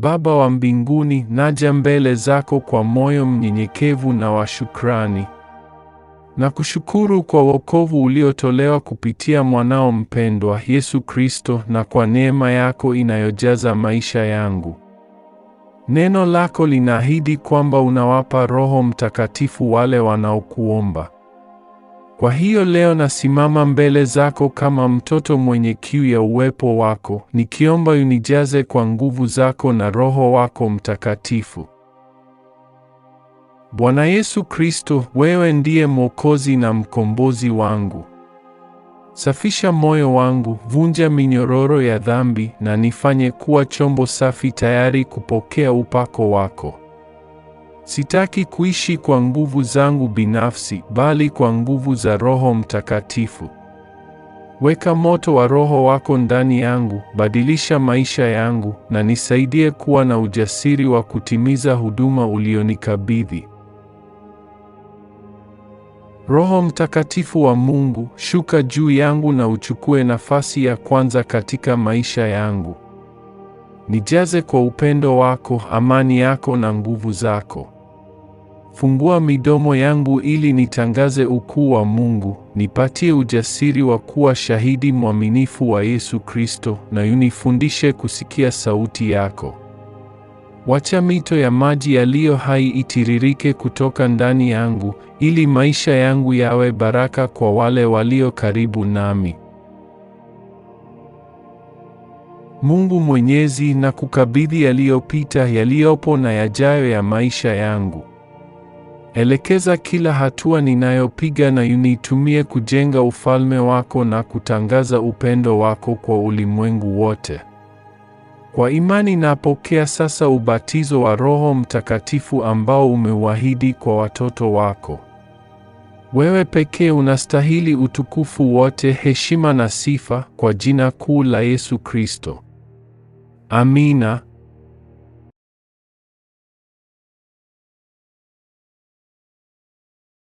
Baba wa mbinguni, naja mbele zako kwa moyo mnyenyekevu na wa shukrani. Nakushukuru kwa wokovu uliotolewa kupitia mwanao mpendwa Yesu Kristo na kwa neema yako inayojaza maisha yangu. Neno lako linaahidi kwamba unawapa Roho Mtakatifu wale wanaokuomba. Kwa hiyo leo nasimama mbele zako kama mtoto mwenye kiu ya uwepo wako, nikiomba unijaze kwa nguvu zako na Roho wako Mtakatifu. Bwana Yesu Kristo, wewe ndiye Mwokozi na mkombozi wangu. Safisha moyo wangu, vunja minyororo ya dhambi na nifanye kuwa chombo safi tayari kupokea upako wako. Sitaki kuishi kwa nguvu zangu binafsi, bali kwa nguvu za Roho Mtakatifu. Weka moto wa Roho wako ndani yangu, badilisha maisha yangu, na nisaidie kuwa na ujasiri wa kutimiza huduma ulionikabidhi. Roho Mtakatifu wa Mungu, shuka juu yangu na uchukue nafasi ya kwanza katika maisha yangu. Nijaze kwa upendo wako, amani yako na nguvu zako. Fungua midomo yangu ili nitangaze ukuu wa Mungu, nipatie ujasiri wa kuwa shahidi mwaminifu wa Yesu Kristo, na unifundishe kusikia sauti yako. Wacha mito ya maji yaliyo hai itiririke kutoka ndani yangu, ili maisha yangu yawe baraka kwa wale walio karibu nami. Mungu Mwenyezi, nakukabidhi yaliyopita, yaliyopo na yajayo ya maisha yangu. Elekeza kila hatua ninayopiga na unitumie kujenga ufalme wako na kutangaza upendo wako kwa ulimwengu wote. Kwa imani napokea sasa ubatizo wa Roho Mtakatifu ambao umeuahidi kwa watoto wako. Wewe pekee unastahili utukufu wote, heshima na sifa, kwa jina kuu la Yesu Kristo. Amina.